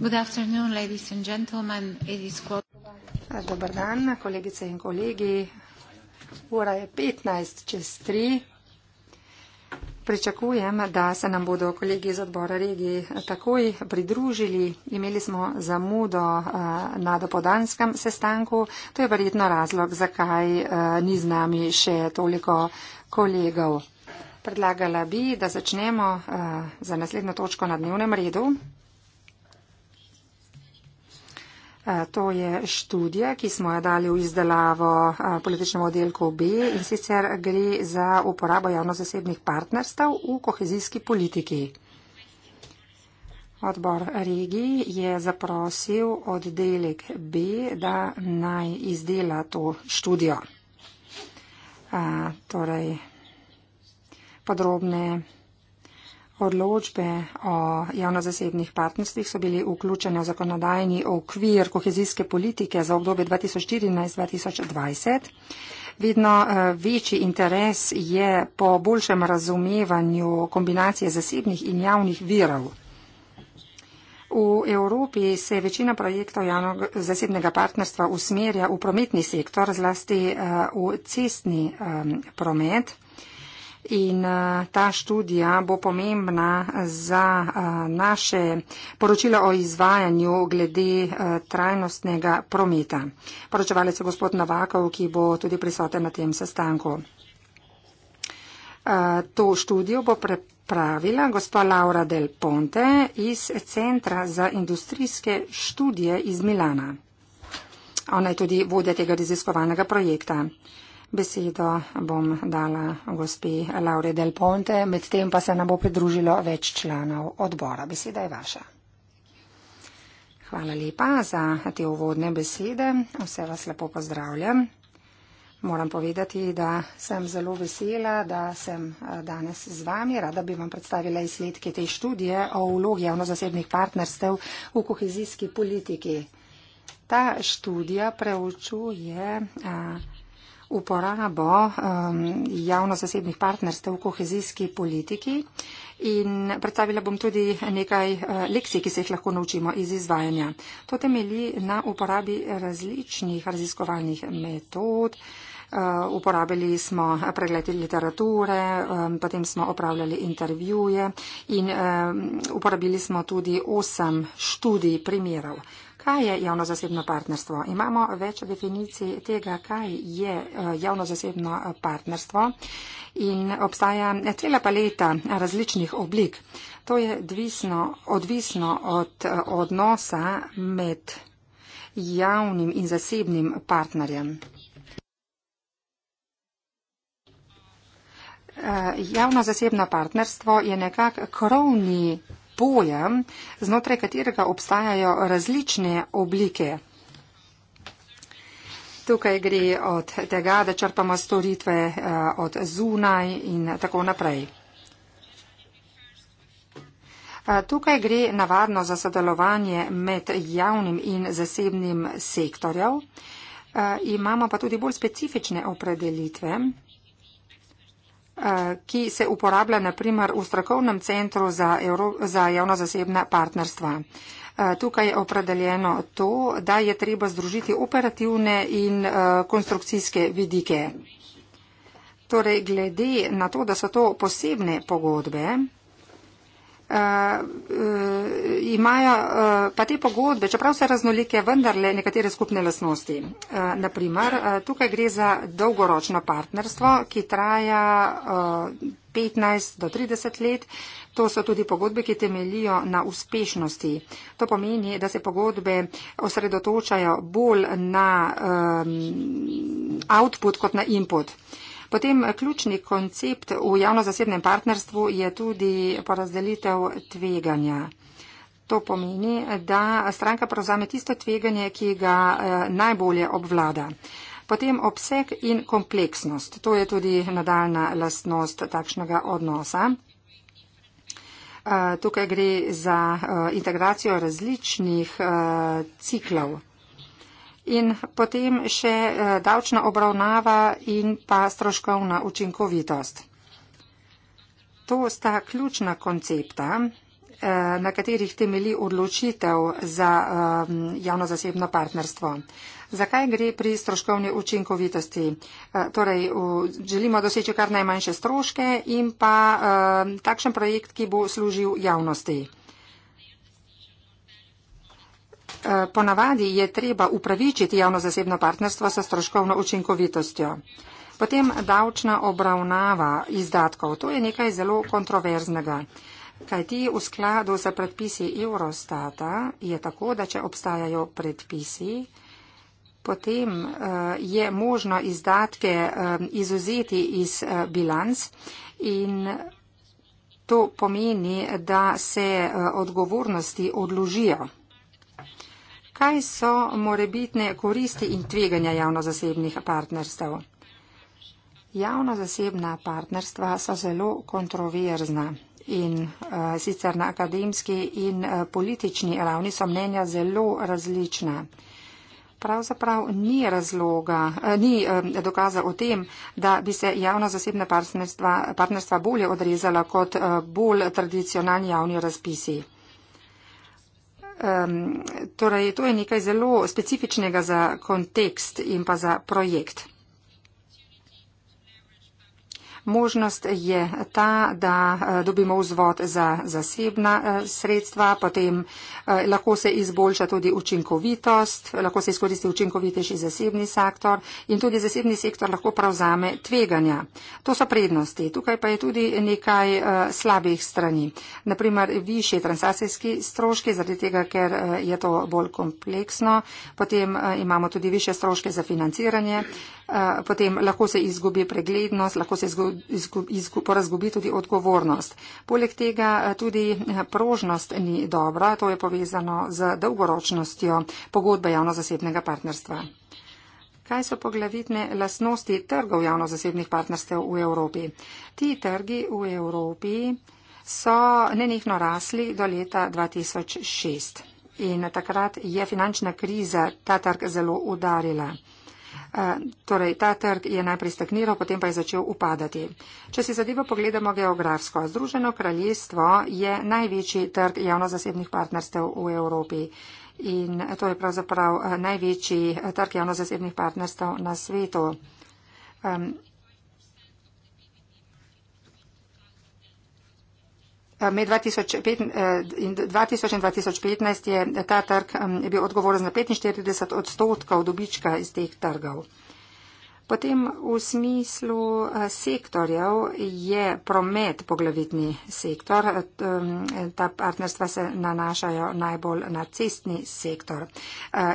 Good afternoon, ladies and gentlemen. It is quarter. Dober dan, kolegice in kolegi. Ura je 15 čez 3. Pričakujem, da se nam bodo kolegi iz odbora regiji takoj pridružili. Imeli smo zamudo na dopodanskem sestanku. To je verjetno razlog, zakaj ni z nami še toliko kolegov. Predlagala bi, da začnemo za naslednjo točko na dnevnem redu. To je študija, ki smo jo dali v izdelavo političnemu oddelku B in sicer gre za uporabo javno-zasebnih partnerstv v kohezijski politiki. Odbor regij je zaprosil oddelek B, da naj izdela to študijo. A, torej, podrobne odločbe o javno-zasebnih partnerstvih so bili vključeni v zakonodajni okvir kohezijske politike za obdobje 2014-2020. Vedno eh, večji interes je po boljšem razumevanju kombinacije zasebnih in javnih virov. V Evropi se večina projektov javnog, zasebnega partnerstva usmerja v prometni sektor, zlasti eh, v cestni eh, promet in eh, ta študija bo pomembna za eh, naše poročilo o izvajanju glede eh, trajnostnega prometa. Poročevalec je gospod Navakov, ki bo tudi prisoten na tem sestanku. To študijo bo pripravila gospa Laura Del Ponte iz Centra za industrijske študije iz Milana. Ona je tudi vodja tega raziskovalnega projekta. Uh, Besedo bom dala gospi Lauri Del Ponte, medtem pa se nam bo pridružilo več članov odbora. Beseda je vaša. Hvala lepa za te uvodne besede. Vse vas lepo pozdravljam. Moram povedati, da sem zelo vesela, da sem eh, danes z vami. Rada bi vam predstavila izsledke te študije o vlogi javno-zasebnih partnerstev v kohezijski politiki. Ta študija preučuje. A, eh, uporabo um, javno-zasebnih partnerstev v kohezijski politiki in predstavila bom tudi nekaj uh, lekcij, ki se jih lahko naučimo iz izvajanja. To temeli na uporabi različnih raziskovalnih metod. Uh, uporabili smo pregled literature, um, potem smo opravljali intervjuje in um, uporabili smo tudi osem študij primerov. Uh, Kaj je javno-zasebno partnerstvo? Imamo več definicij tega, kaj je eh, javno-zasebno eh, partnerstvo in obstaja cela paleta različnih oblik. To je dvisno, odvisno od eh, odnosa med javnim in zasebnim partnerjem. Javno-zasebno partnerstvo je nekak krovni partnerstvo pojem, znotraj katerega obstajajo različne oblike. Tukaj gre od tega, da črpamo storitve eh, od zunaj in tako naprej. Eh, tukaj gre navadno za sodelovanje med javnim in zasebnim sektorjev. Eh, imamo pa tudi bolj specifične opredelitve. Eh, ki se uporablja naprimer v strokovnem centru za, Evro, za javno-zasebna partnerstva. Eh, tukaj je opredeljeno to, da je treba združiti operativne in eh, konstrukcijske vidike. Torej, glede na to, da so to posebne pogodbe, uh, uh, imajo uh, pa te pogodbe, čeprav so raznolike, vendarle nekatere skupne lasnosti. Uh, naprimer, uh, tukaj gre za dolgoročno partnerstvo, ki traja uh, 15 do 30 let. To so tudi pogodbe, ki temelijo na uspešnosti. To pomeni, da se pogodbe osredotočajo bolj na um, output kot na input. Uh, Potem eh, ključni koncept v javno-zasebnem partnerstvu je tudi porazdelitev tveganja. To pomeni, da stranka prevzame tisto tveganje, ki ga eh, najbolje obvlada. Potem obseg in kompleksnost. To je tudi nadaljna lastnost takšnega odnosa. Eh, tukaj gre za integracijo različnih ciklov in potem še eh, davčna obravnava in pa stroškovna učinkovitost. To sta ključna koncepta, eh, na katerih temeli odločitev za eh, javno-zasebno partnerstvo. Zakaj gre pri stroškovni učinkovitosti? Torej, želimo doseči kar najmanjše stroške in pa takšen projekt, ki bo služil javnosti. Eh, ponavadi je treba upravičiti javno-zasebno partnerstvo sa stroškovno učinkovitostjo. Potem davčna obravnava izdatkov. To je nekaj zelo kontroverznega. Kaj ti v skladu s predpisi Eurostata je tako, da če obstajajo predpisi, potem eh, je možno izdatke eh, izuzeti iz bilanc in to pomeni, da se odgovornosti odložijo. Kaj so morebitne koristi in tveganja javno-zasebnih partnerstev? Javno-zasebna partnerstva so zelo kontroverzna in uh, sicer na akademski in uh, politični ravni so mnenja zelo različna. Pravzaprav ni razloga, uh, ni uh, dokaza o tem, da bi se javno-zasebna partnerstva, partnerstva bolje odrezala kot uh, bolj tradicionalni javni razpisi. Um, torej, to je nekaj zelo specifičnega za kontekst in pa za projekt. Možnost je ta, da eh, dobimo vzvod za zasebna eh, sredstva, potem eh, lahko se izboljša tudi učinkovitost, lahko se izkoristi učinkovitejši zasebni sektor in tudi zasebni sektor lahko pravzame tveganja. To so prednosti. Tukaj pa je tudi nekaj slabih strani. Naprimer, više transakcijski stroški, zaradi tega, ker je to bolj kompleksno. Potem imamo tudi više stroške za financiranje. Potem lahko se izgubi preglednost, lahko se izgubi porazgubi tudi odgovornost. Poleg tega eh, tudi eh, prožnost ni dobra, to je povezano z dolgoročnostjo pogodbe javno-zasebnega partnerstva. Kaj so poglavitne lasnosti trgov javno-zasebnih partnerstev v Evropi? Ti trgi v Evropi so nenehno rasli do leta 2006 in takrat je finančna kriza ta trg zelo udarila. Eh, torej, ta trg je najprej stagniral, potem pa je začel upadati. Če si zadevo pogledamo geografsko, Združeno kraljestvo je največji trg javno-zasebnih partnerstev v Evropi. In to je pravzaprav eh, največji eh, trg javno-zasebnih partnerstev na svetu. med 2005 eh, in 2015 je eh, ta trg je bil odgovoren za 45 odstotkov dobička iz teh trgov. Potem v smislu eh, sektorjev je promet poglavitni sektor. Ta partnerstva se nanašajo najbolj na cestni sektor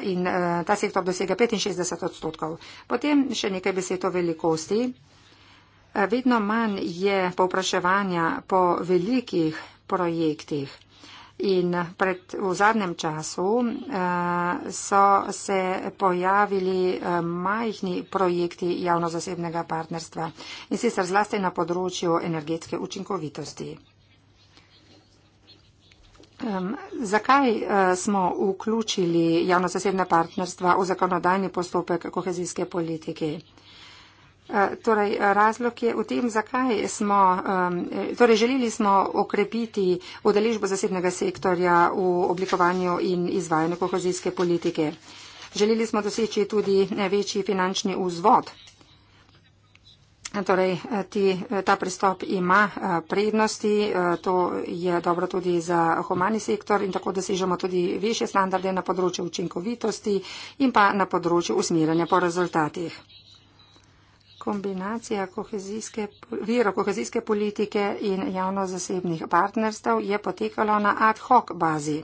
in ta sektor dosega 65 odstotkov. Potem še nekaj besed o velikosti. Eh, vedno manj je povpraševanja po velikih projektih. In pred, v zadnjem času uh, so se pojavili uh, majhni projekti javno-zasebnega partnerstva in sicer zlasti na področju energetske učinkovitosti. Um, zakaj uh, smo vključili javno-zasebne partnerstva v zakonodajni postopek kohezijske politike? Eh, torej, razlog je v tem, zakaj smo, eh, torej želeli smo okrepiti udeležbo zasebnega sektorja v oblikovanju in izvajanju kohezijske politike. Želeli smo doseči tudi eh, večji finančni vzvod. Torej, ti, ta pristop ima prednosti, to je dobro tudi za humani sektor in tako dosežemo tudi više standarde na področju učinkovitosti in pa na področju usmiranja po rezultatih. Kombinacija kohezijske, virov kohezijske politike in javno-zasebnih partnerstv je potekala na ad hoc bazi. Eh,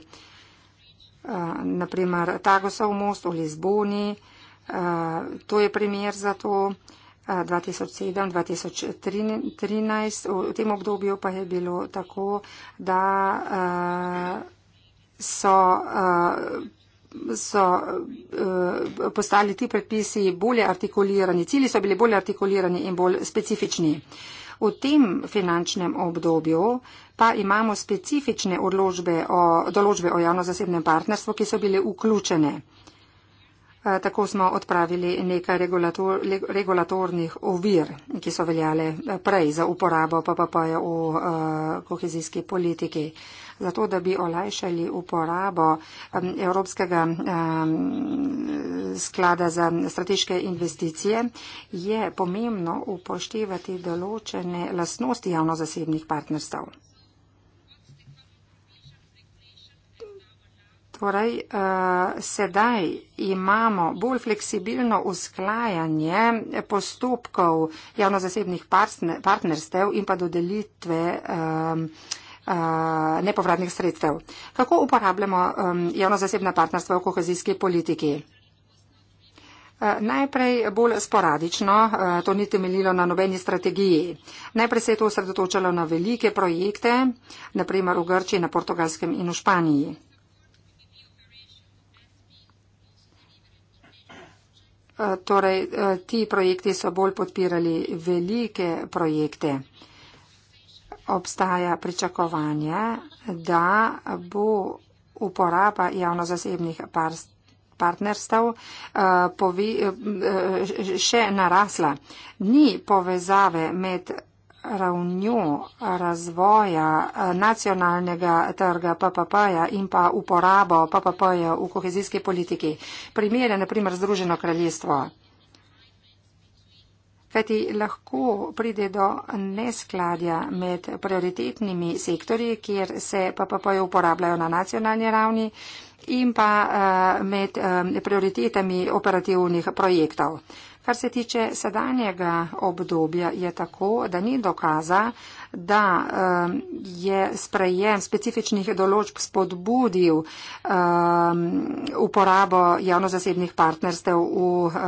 Naprimer, Tagosov most v Lizboni, eh, to je primer za to, 2007-2013, eh, v tem obdobju pa je bilo tako, da so so uh, postali ti predpisi bolje artikulirani, cilji so bili bolje artikulirani in bolj specifični. V tem finančnem obdobju pa imamo specifične o, določbe o javno-zasebnem partnerstvu, ki so bile vključene. Eh, tako smo odpravili nekaj regulatornih ovir, ki so veljale prej za uporabo PPP-ja v eh, kohezijski politiki zato da bi olajšali uporabo um, Evropskega um, sklada za strateške investicije, je pomembno upoštevati določene lastnosti javno-zasebnih partnerstv. Torej, uh, sedaj imamo bolj fleksibilno usklajanje postopkov javno-zasebnih partnerstev in pa dodelitve. Um, nepovratnih sredstev. Kako uporabljamo um, javno-zasebna partnerstva v kohezijski politiki? Najprej bolj sporadično, to ni temeljilo na nobeni strategiji. Najprej se je to osredotočalo na velike projekte, naprimer v Grčiji, na Portugalskem in v Španiji. Torej, ti projekti so bolj podpirali velike projekte obstaja pričakovanje, da bo uporaba javno-zasebnih parst partnerstv eh, eh, še narasla. Ni povezave med ravnjo razvoja eh, nacionalnega trga PPP-ja in pa uporabo PPP-ja v kohezijski politiki. Primer je naprimer Združeno kraljestvo kajti lahko pride do neskladja med prioritetnimi sektorji, kjer se PPP-ji uporabljajo na nacionalni ravni in pa eh, med eh, prioritetami operativnih projektov. Kar se tiče sedanjega obdobja, je tako, da ni dokaza, da um, je sprejem specifičnih določb spodbudil um, uporabo javno-zasebnih partnerstev v uh,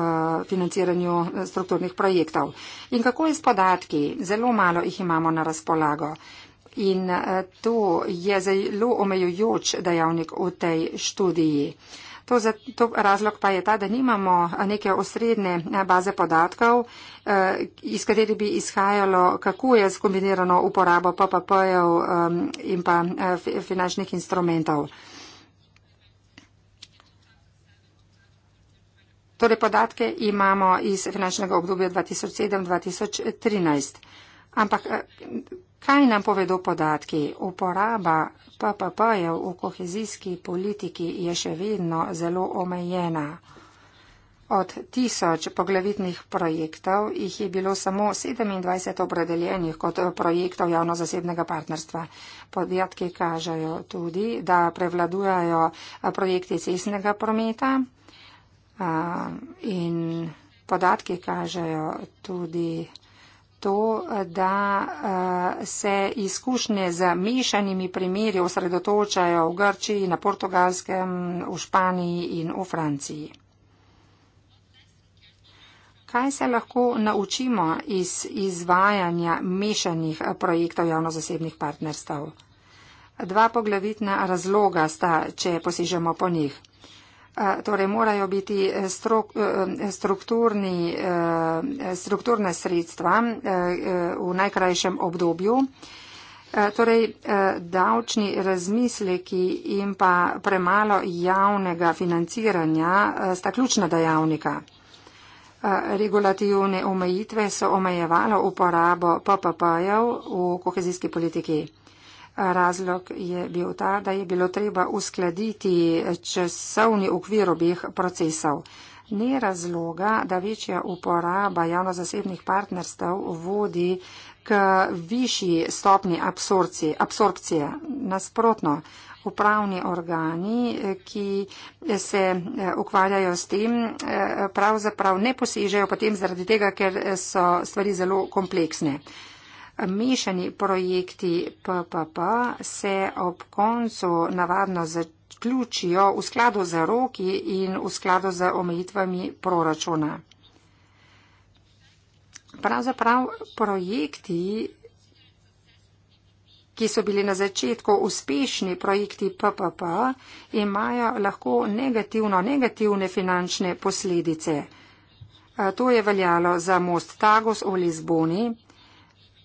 financiranju strukturnih projektov. In kako je s podatki? Zelo malo jih imamo na razpolago. In uh, to je zelo omejujoč dejavnik v tej študiji. To, to razlog pa je ta, da nimamo neke osrednje baze podatkov, e, iz katere bi izhajalo, kako je skombinirano uporabo PPP-jev in pa e, finančnih instrumentov. Torej podatke imamo iz finančnega obdobja 2007-2013. Ampak e, Kaj nam povedo podatki? Uporaba PPP-jev v kohezijski politiki je še vedno zelo omejena. Od tisoč poglavitnih projektov jih je bilo samo 27 opredeljenih kot projektov javno-zasebnega partnerstva. Podatki kažejo tudi, da prevladujajo projekti cestnega prometa in podatki kažejo tudi, to, da eh, se izkušnje z mešanimi primeri osredotočajo v Grčiji, na Portugalskem, v Španiji in v Franciji. Kaj se lahko naučimo iz izvajanja mešanih projektov javno-zasebnih partnerstv? Dva poglavitna razloga sta, če posežemo po njih torej morajo biti eh, eh, strukturni, eh, strukturne sredstva v najkrajšem obdobju. Torej, davčni razmisleki in pa premalo javnega financiranja sta ključna dejavnika. Regulativne omejitve so omejevalo uporabo PPP-jev v kohezijski politiki. Razlog je bil ta, da je bilo treba uskladiti časovni okvir obih procesov. Ni razloga, da večja uporaba javno-zasebnih partnerstv vodi k višji stopni absorpcije. Nasprotno, upravni organi, ki se eh, ukvarjajo s tem, eh, pravzaprav ne posežejo potem zaradi tega, ker so stvari zelo kompleksne. Mešani projekti PPP se ob koncu navadno zaključijo v skladu z roki in v skladu z omejitvami proračuna. Pravzaprav projekti, ki so bili na začetku uspešni projekti PPP, imajo lahko negativno negativne finančne posledice. To je veljalo za most Tagus v Lizboni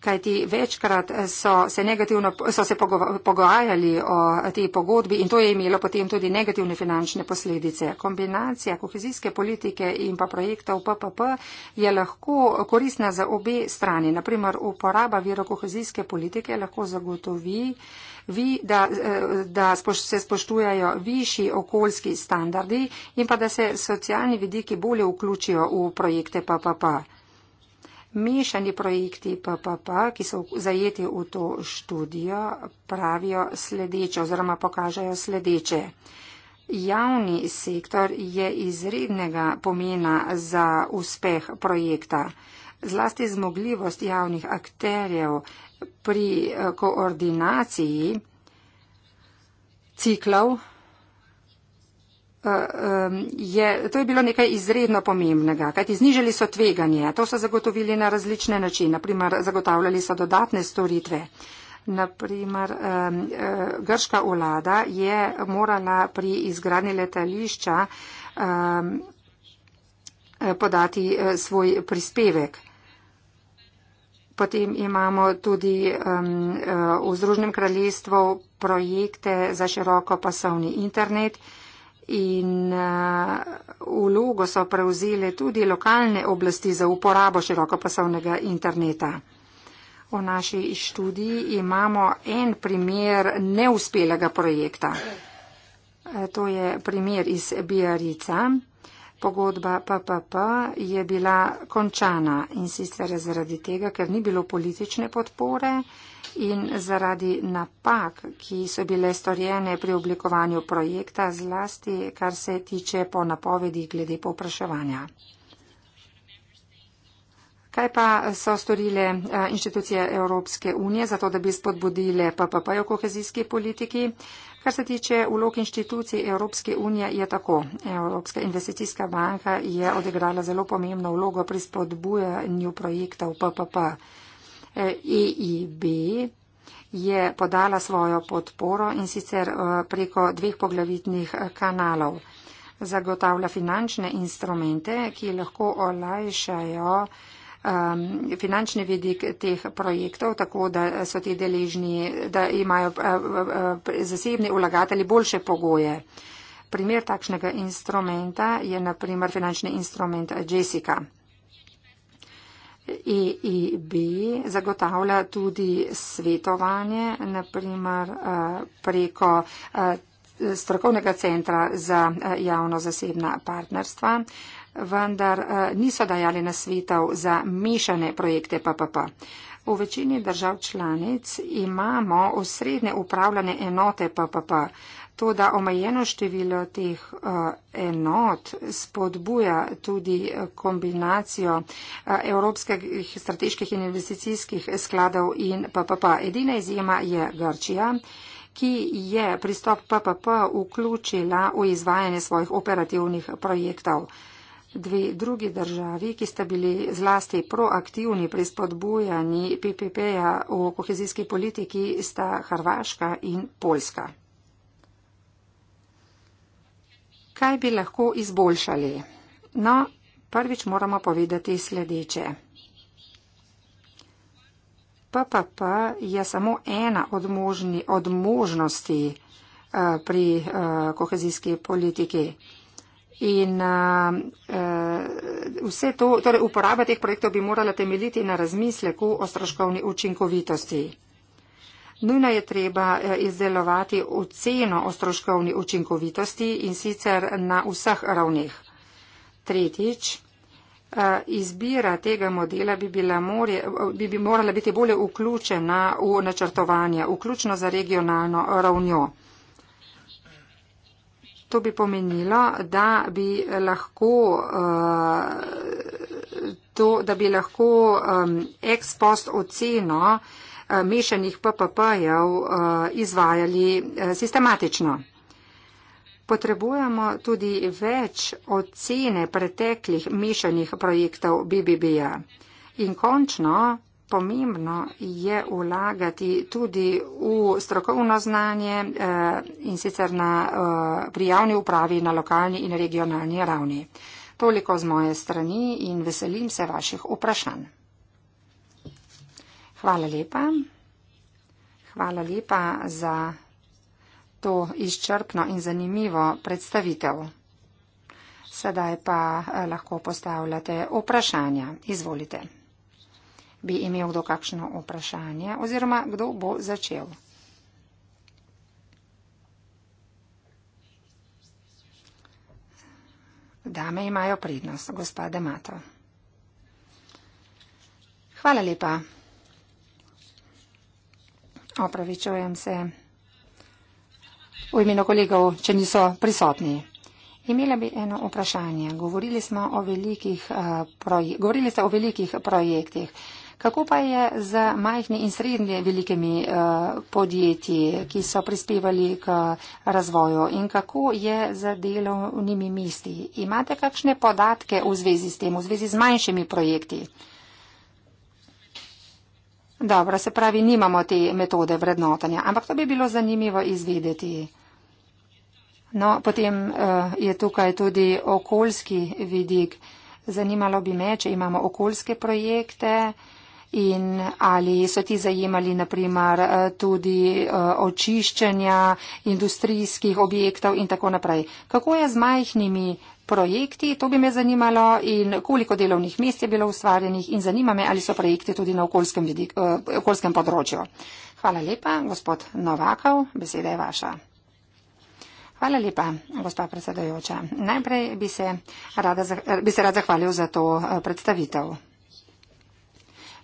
kajti večkrat so se, negativno, so se pogovarjali o tej pogodbi in to je imelo potem tudi negativne finančne posledice. Kombinacija kohezijske politike in pa projektov PPP je lahko koristna za obe strani. Naprimer, uporaba viro kohezijske politike lahko zagotovi, vi, da, da se spoštujajo višji okoljski standardi in pa da se socialni vidiki bolje vključijo v projekte PPP. Mešani projekti PPP, ki so zajeti v to študijo, pravijo sledeče oziroma pokažejo sledeče. Javni sektor je izrednega pomena za uspeh projekta. Zlasti zmogljivost javnih akterjev pri eh, koordinaciji ciklov je, to je bilo nekaj izredno pomembnega, kajti znižali so tveganje, to so zagotovili na različne načine, naprimer zagotavljali so dodatne storitve. Naprimer, eh, grška vlada je morala pri izgradni letališča eh, podati eh, svoj prispevek. Potem imamo tudi v Združnem kraljestvu projekte za široko pasovni internet in uh, vlogo so prevzele tudi lokalne oblasti za uporabo širokopasovnega interneta. V naši študiji imamo en primer neuspelega projekta. E, to je primer iz Biarica pogodba PPP je bila končana in sicer zaradi tega, ker ni bilo politične podpore in zaradi napak, ki so bile storjene pri oblikovanju projekta, zlasti kar se tiče po napovedih glede povpraševanja. Kaj pa so storile eh, inštitucije Evropske unije za to, da bi spodbudile PPP v kohezijski politiki? Kar se tiče vlog inštitucij Evropske unije, je tako. Evropska investicijska banka je odigrala zelo pomembno vlogo pri spodbujanju projektov PPP. EIB eh, e je podala svojo podporo in sicer eh, preko dveh poglavitnih kanalov. Zagotavlja finančne instrumente, ki lahko olajšajo um, finančni vidik teh projektov, tako da so ti deležni, da imajo uh, uh, zasebni ulagatelji boljše pogoje. Primer takšnega instrumenta je naprimer finančni instrument Jessica. EIB zagotavlja tudi svetovanje, naprimer uh, preko uh, strokovnega centra za uh, javno-zasebna partnerstva vendar eh, niso dajali nasvetov za mešane projekte PPP. V večini držav članic imamo osrednje upravljane enote PPP. To, da omejeno število teh uh, enot spodbuja tudi eh, kombinacijo uh, evropskih strateških in investicijskih skladov in PPP. Edina izjema je Grčija, ki je pristop PPP vključila v izvajanje svojih operativnih projektov. Uh, dve drugi državi, ki sta bili zlasti proaktivni pri spodbujanju PPP-ja v kohezijski politiki, sta Hrvaška in Poljska. Kaj bi lahko izboljšali? No, prvič moramo povedati sledeče. PPP je samo ena od, možni, od možnosti uh, pri uh, kohezijski politiki. In uh, uh, vse to, torej uporaba teh projektov bi morala temeljiti na razmisleku o stroškovni učinkovitosti. Nujno je treba uh, izdelovati oceno o stroškovni učinkovitosti in sicer na vseh ravneh. Tretjič, uh, izbira tega modela bi, bila more, uh, bi, bi morala biti bolje vključena v načrtovanje, vključno za regionalno ravnjo to bi pomenilo, da bi lahko, uh, to, da bi lahko um, ex post oceno uh, mešanih PPP-jev uh, izvajali uh, sistematično. Potrebujemo tudi več ocene preteklih mešanih projektov BBB-ja. In končno pomembno je ulagati tudi v strokovno znanje eh, in sicer na eh, prijavni upravi na lokalni in regionalni ravni. Toliko z moje strani in veselim se vaših vprašanj. Hvala lepa. Hvala lepa za to izčrpno in zanimivo predstavitev. Sedaj pa eh, lahko postavljate vprašanja. Izvolite bi imel kdo kakšno vprašanje oziroma kdo bo začel. Dame imajo prednost, gospa Demato. Hvala lepa. Opravičujem se v imenu kolegov, če niso prisotni. Imela bi eno vprašanje. Govorili, smo o velikih, uh, proje, govorili ste o velikih projektih. Uh, Kako pa je z majhnimi in srednje velikimi eh, podjetji, ki so prispevali k razvoju in kako je z delovnimi misti? Imate kakšne podatke v zvezi s tem, v zvezi z manjšimi projekti? Dobro, se pravi, nimamo te metode vrednotanja, ampak to bi bilo zanimivo izvedeti. No, potem eh, je tukaj tudi okoljski vidik. Zanimalo bi me, če imamo okoljske projekte, In ali so ti zajemali naprimer eh, tudi eh, očiščenja industrijskih objektov in tako naprej. Kako je z majhnimi projekti, to bi me zanimalo in koliko delovnih mest je bilo ustvarjenih in zanima me, ali so projekti tudi na okoljskem, vidik, eh, okoljskem področju. Hvala lepa, gospod Novakov, beseda je vaša. Hvala lepa, gospa predsedojoča. Najprej bi se rad zahvalil za to predstavitev.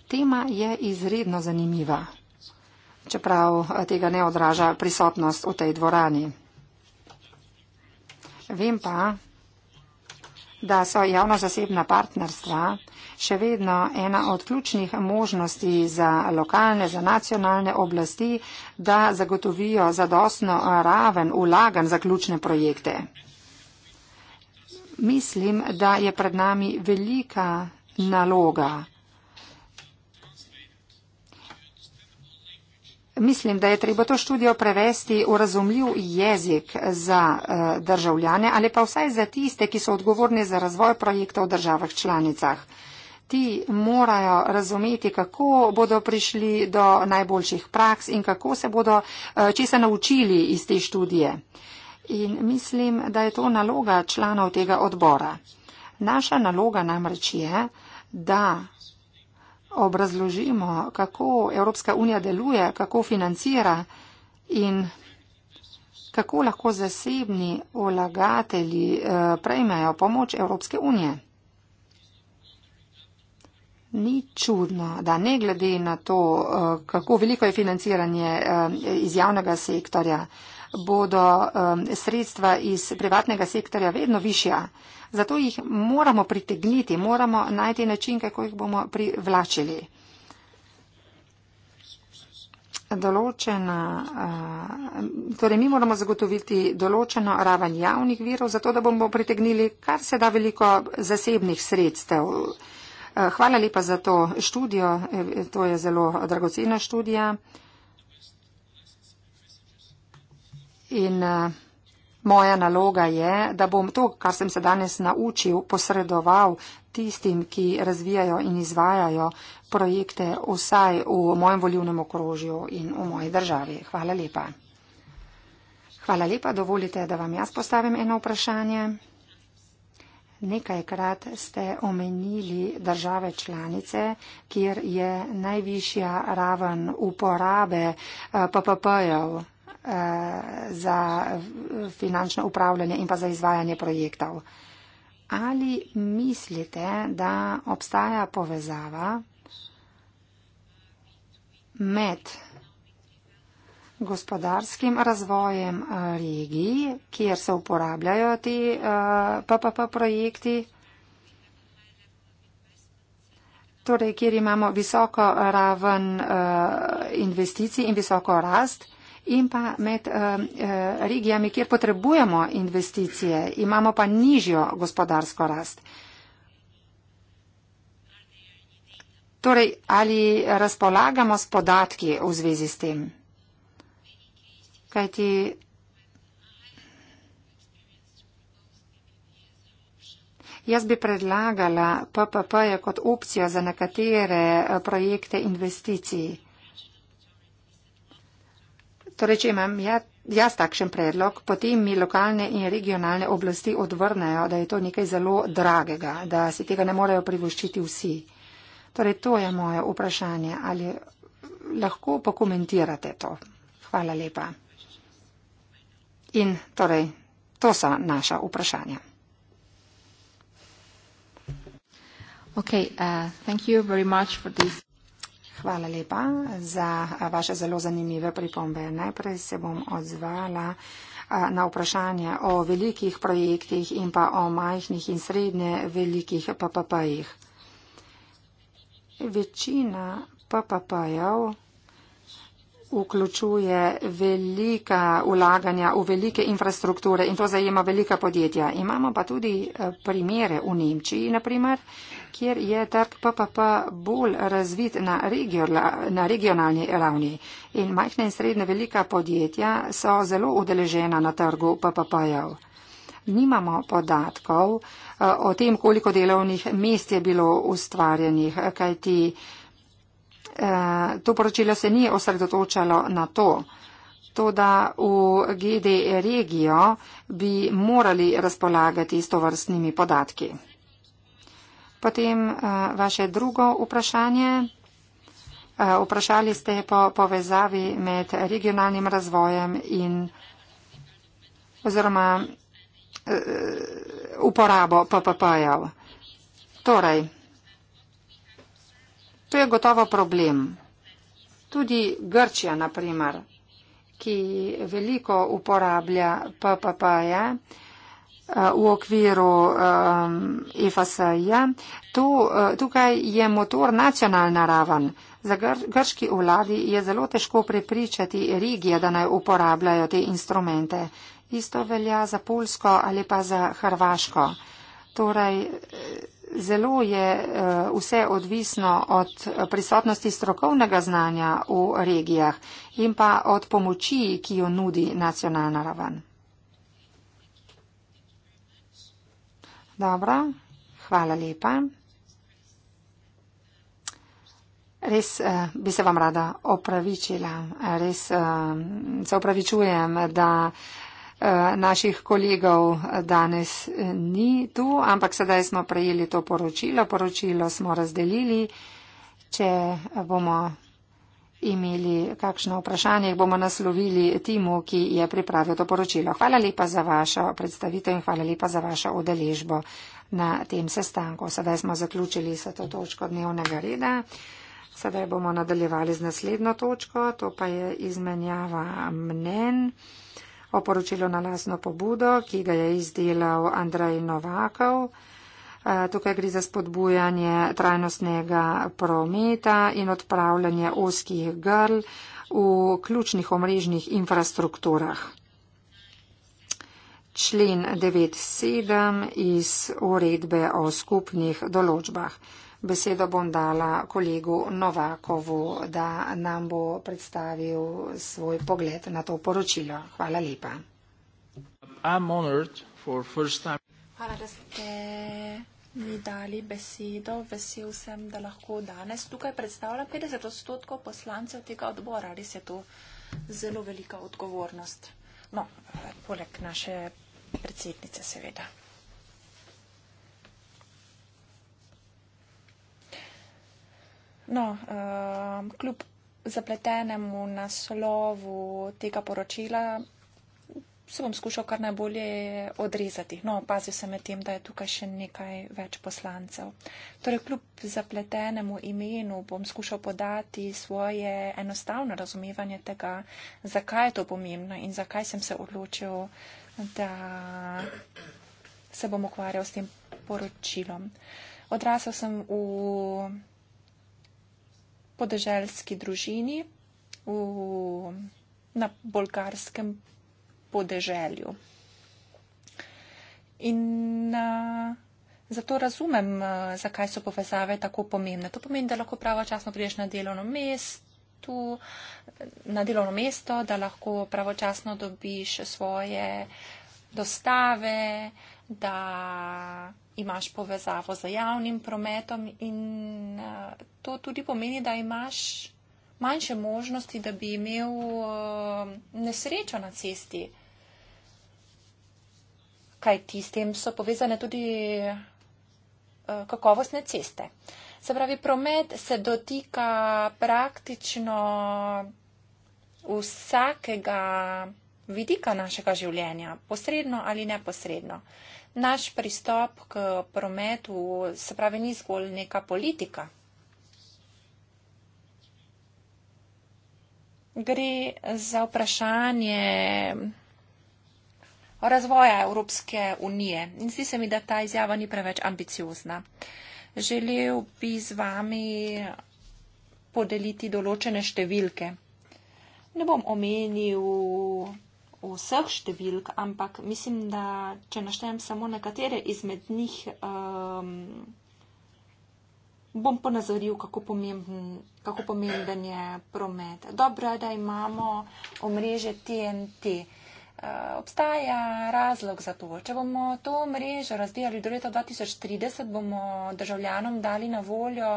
Tema je izredno zanimiva, čeprav eh, tega ne odraža prisotnost v tej dvorani. Vem pa, da so javno-zasebna partnerstva še vedno ena od ključnih možnosti za lokalne, za nacionalne oblasti, da zagotovijo zadostno eh, raven ulagan za ključne projekte. Mislim, da je pred nami velika naloga. Mislim, da je treba to študijo prevesti v razumljiv jezik za eh, državljane ali pa vsaj za tiste, ki so odgovorni za razvoj projekta v državah članicah. Ti morajo razumeti, kako bodo prišli do najboljših praks in kako se bodo eh, česa naučili iz te študije. In mislim, da je to naloga članov tega odbora. Naša naloga namreč je, da obrazložimo, kako Evropska unija deluje, kako financira in kako lahko zasebni vlagatelji eh, prejmejo pomoč Evropske unije. Ni čudno, da ne glede na to, eh, kako veliko je financiranje eh, iz javnega sektorja, bodo sredstva iz privatnega sektorja vedno višja. Zato jih moramo pritegniti, moramo najti način, kako jih bomo privlačili. Določena, eh, torej mi moramo zagotoviti določeno raven javnih virov, zato da bomo pritegnili kar se da veliko zasebnih sredstev. Eh, hvala lepa za to študijo, eh, to je zelo dragocena študija. In uh, Moja naloga je, da bom to, kar sem se danes naučil, posredoval tistim, ki razvijajo in izvajajo projekte vsaj v mojem volivnem okrožju in v moji državi. Hvala lepa. Hvala lepa, dovolite, da vam jaz postavim eno vprašanje. Nekajkrat ste omenili države članice, kjer je najvišja raven uporabe eh, PPP-jev za finančno upravljanje in pa za izvajanje projektov. Ali mislite, da obstaja povezava med gospodarskim razvojem eh, regij, kjer se uporabljajo ti PPP eh, projekti, torej kjer imamo visoko raven eh, investicij in visoko rast, in pa med eh, eh, regijami, kjer potrebujemo investicije, imamo pa nižjo gospodarsko rast. Torej, ali razpolagamo s podatki v zvezi s tem? Kajti jaz bi predlagala PPP-je kot opcijo za nekatere eh, projekte investicij. Torej, če imam ja, jaz takšen predlog, potem mi lokalne in regionalne oblasti odvrnejo, da je to nekaj zelo dragega, da si tega ne morejo privoščiti vsi. Torej, to je moje vprašanje. Ali lahko pokomentirate to? Hvala lepa. In torej, to so naša vprašanja. Okay, uh, thank you very much for this. Hvala lepa za vaše zelo zanimive pripombe. Najprej se bom odzvala na vprašanje o velikih projektih in pa o majhnih in srednje velikih PPP-jih. Večina PPP-jev vključuje velika ulaganja v velike infrastrukture in to zajema velika podjetja. Imamo pa tudi e, primere v Nemčiji, naprimer, kjer je trg PPP bolj razvit na, regiola, na regionalni ravni. In majhne in srednje velika podjetja so zelo udeležena na trgu PPP-jev. Nimamo podatkov eh, o tem, koliko delovnih mest je bilo ustvarjenih, kajti eh, to poročilo se ni osredotočalo na to. To, da v GD regijo bi morali razpolagati s tovrstnimi podatki. Potem eh, vaše drugo vprašanje. Eh, vprašali ste po povezavi med regionalnim razvojem in oziroma eh, uporabo PPP-jev. Torej, to je gotovo problem. Tudi Grčija, naprimer, ki veliko uporablja PPP-je, Eh, v okviru um, eh, IFAS-ja. Tu, eh, tukaj je motor nacionalna raven. Za gr grški vladi je zelo težko prepričati regije, da naj uporabljajo te instrumente. Isto velja za Polsko ali pa za Hrvaško. Torej, zelo je vse odvisno od prisotnosti strokovnega znanja v regijah in pa od pomoči, ki jo nudi nacionalna raven. Dobro, hvala lepa. Res eh, bi se vam rada opravičila, res eh, se opravičujem, da eh, naših kolegov danes eh, ni tu, ampak sedaj smo prejeli to poročilo, poročilo smo razdelili. Če bomo imeli kakšno vprašanje, jih bomo naslovili timu, ki je pripravil to poročilo. Hvala lepa za vašo predstavitev in hvala lepa za vašo udeležbo na tem sestanku. Sedaj smo zaključili s to točko dnevnega reda. Sedaj bomo nadaljevali z naslednjo točko, to pa je izmenjava mnen o poročilu na lasno pobudo, ki ga je izdelal Andrej Novakov. Eh, tukaj gre za spodbujanje trajnostnega prometa in odpravljanje oskih grl v ključnih omrežnih infrastrukturah. Člen 9.7 iz uredbe o skupnih določbah. Besedo bom dala kolegu Novakovu, da nam bo predstavil svoj pogled na to poročilo. Hvala lepa. Hvala, da ste mi dali besedo. Vesel sem, da lahko danes tukaj predstavljam 50 odstotkov poslancev tega odbora. Res je to zelo velika odgovornost. No, poleg naše predsednice seveda. No, um, kljub zapletenemu naslovu tega poročila se bom skušal kar najbolje odrezati. No, opazil sem med tem, da je tukaj še nekaj več poslancev. Torej, kljub zapletenemu imenu bom skušal podati svoje enostavno razumevanje tega, zakaj je to pomembno in zakaj sem se odločil, da se bom ukvarjal s tem poročilom. Odrasel sem v podeželski družini v, na bolgarskem področju podeželju. In a, zato razumem, a, zakaj so povezave tako pomembne. To pomeni, da lahko pravočasno greš na delovno mesto. Tu na delovno mesto, da lahko pravočasno dobiš svoje dostave, da imaš povezavo z javnim prometom, in to tudi pomeni, da imaš manjše možnosti, da bi imel nesrečo na cesti kaj ti s tem so povezane tudi eh, kakovostne ceste. Se pravi, promet se dotika praktično vsakega vidika našega življenja, posredno ali neposredno. Naš pristop k prometu, se pravi, ni zgolj neka politika. Gre za vprašanje razvoja Evropske unije. In zdi se mi, da ta izjava ni preveč ambiciozna. Želel bi z vami podeliti določene številke. Ne bom omenil vseh številk, ampak mislim, da če naštejem samo nekatere izmed njih, um, bom ponazoril, kako, pomembn, kako pomemben je promet. Dobro je, da imamo omrežje TNT. Eh, obstaja razlog za to. Če bomo to mrežo razdelili do leta 2030, bomo državljanom dali na voljo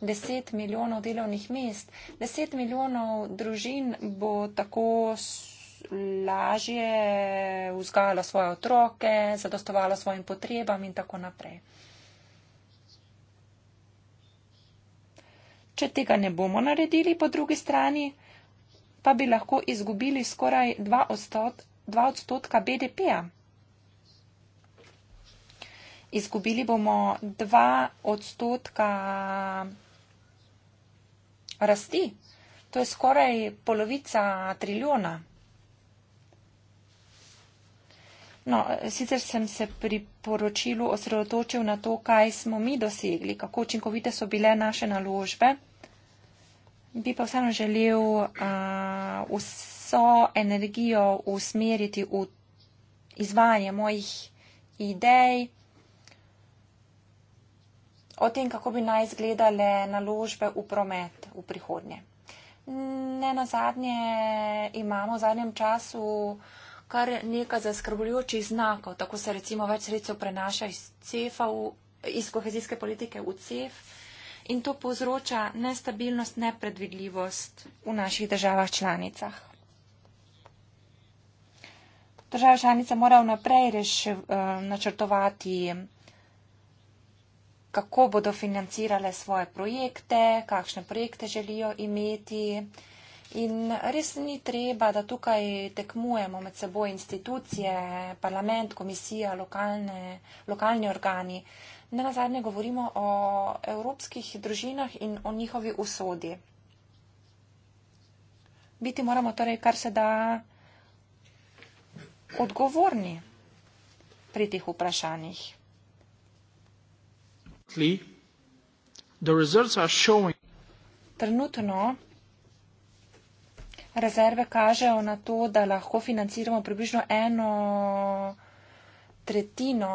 10 milijonov delovnih mest. 10 milijonov družin bo tako lažje vzgajalo svoje otroke, zadostovalo svojim potrebam in tako naprej. Če tega ne bomo naredili po drugi strani, pa bi lahko izgubili skoraj 2 odstotka 2 odstotka BDP-ja. Izgubili bomo 2 odstotka rasti, to je skoraj polovica trilijona. No, sicer sem se pri poročilu osredotočil na to, kaj smo mi dosegli, kako učinkovite so bile naše naložbe. Bi pa vseeno želel uh, vse vso energijo usmeriti v izvajanje mojih idej, o tem, kako bi naj izgledale naložbe v promet v prihodnje. Ne na zadnje imamo v zadnjem času kar nekaj zaskrbljujočih znakov, tako se recimo več sredstev prenaša iz CEF-a, iz kohezijske politike v CEF in to povzroča nestabilnost, nepredvidljivost v naših državah članicah države članice morajo naprej eh, načrtovati, kako bodo financirale svoje projekte, kakšne projekte želijo imeti. In res ni treba, da tukaj tekmujemo med seboj institucije, parlament, komisija, lokalne, lokalni organi. Ne nazadnje govorimo o evropskih družinah in o njihovi usodi. Biti moramo torej kar se da odgovorni pri teh vprašanjih. Trenutno rezerve kažejo na to, da lahko financiramo približno eno tretjino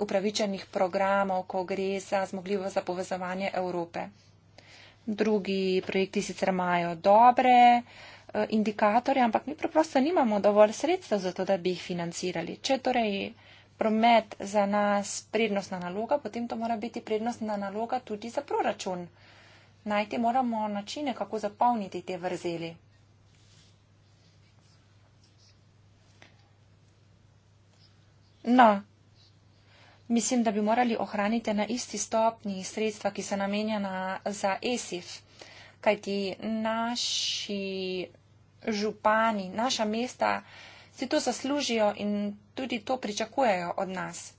upravičenih programov, ko gre za zmogljivo za povezovanje Evrope. Drugi projekti sicer imajo dobre Eh, indikatorje, ampak mi preprosto nimamo dovolj sredstev za to, da bi jih financirali. Če torej promet za nas prednostna naloga, potem to mora biti prednostna naloga tudi za proračun. Najti moramo načine, kako zapolniti te vrzeli. No, mislim, da bi morali ohraniti na isti stopni sredstva, ki so namenjena za ESIF, kajti naši župani, naša mesta si to zaslužijo in tudi to pričakujejo od nas.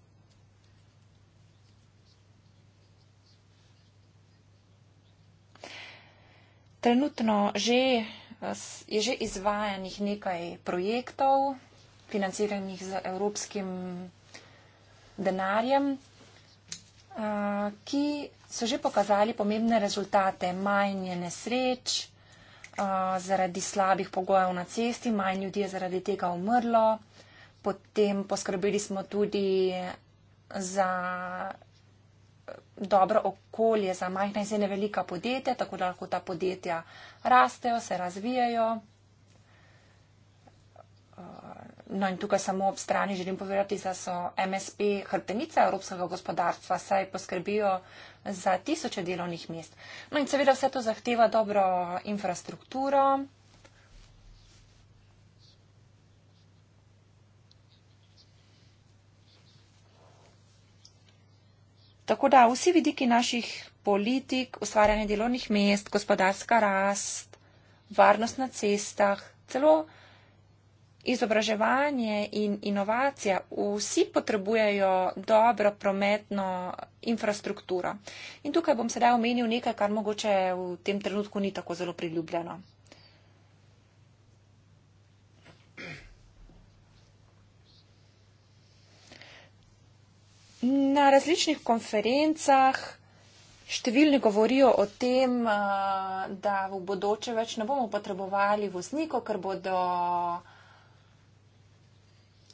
Trenutno že, je že izvajanih nekaj projektov, financiranih z evropskim denarjem, ki so že pokazali pomembne rezultate manjene sreče. Eh, zaradi slabih pogojev na cesti, manj ljudi je zaradi tega umrlo. Potem poskrbeli smo tudi za eh, dobro okolje, za majhna in zene velika podjetja, tako da lahko ta podjetja rastejo, se razvijajo. Eh, No in tukaj samo ob strani želim povedati, da so MSP hrbtenica evropskega gospodarstva, saj poskrbijo za tisoče delovnih mest. No in seveda vse to zahteva dobro infrastrukturo. Tako da vsi vidiki naših politik, ustvarjanje delovnih mest, gospodarska rast, varnost na cestah, celo izobraževanje in inovacija, vsi potrebujejo dobro prometno infrastrukturo. In tukaj bom sedaj omenil nekaj, kar mogoče v tem trenutku ni tako zelo priljubljeno. Na različnih konferencah številni govorijo o tem, da v bodoče več ne bomo potrebovali voznikov, ker bodo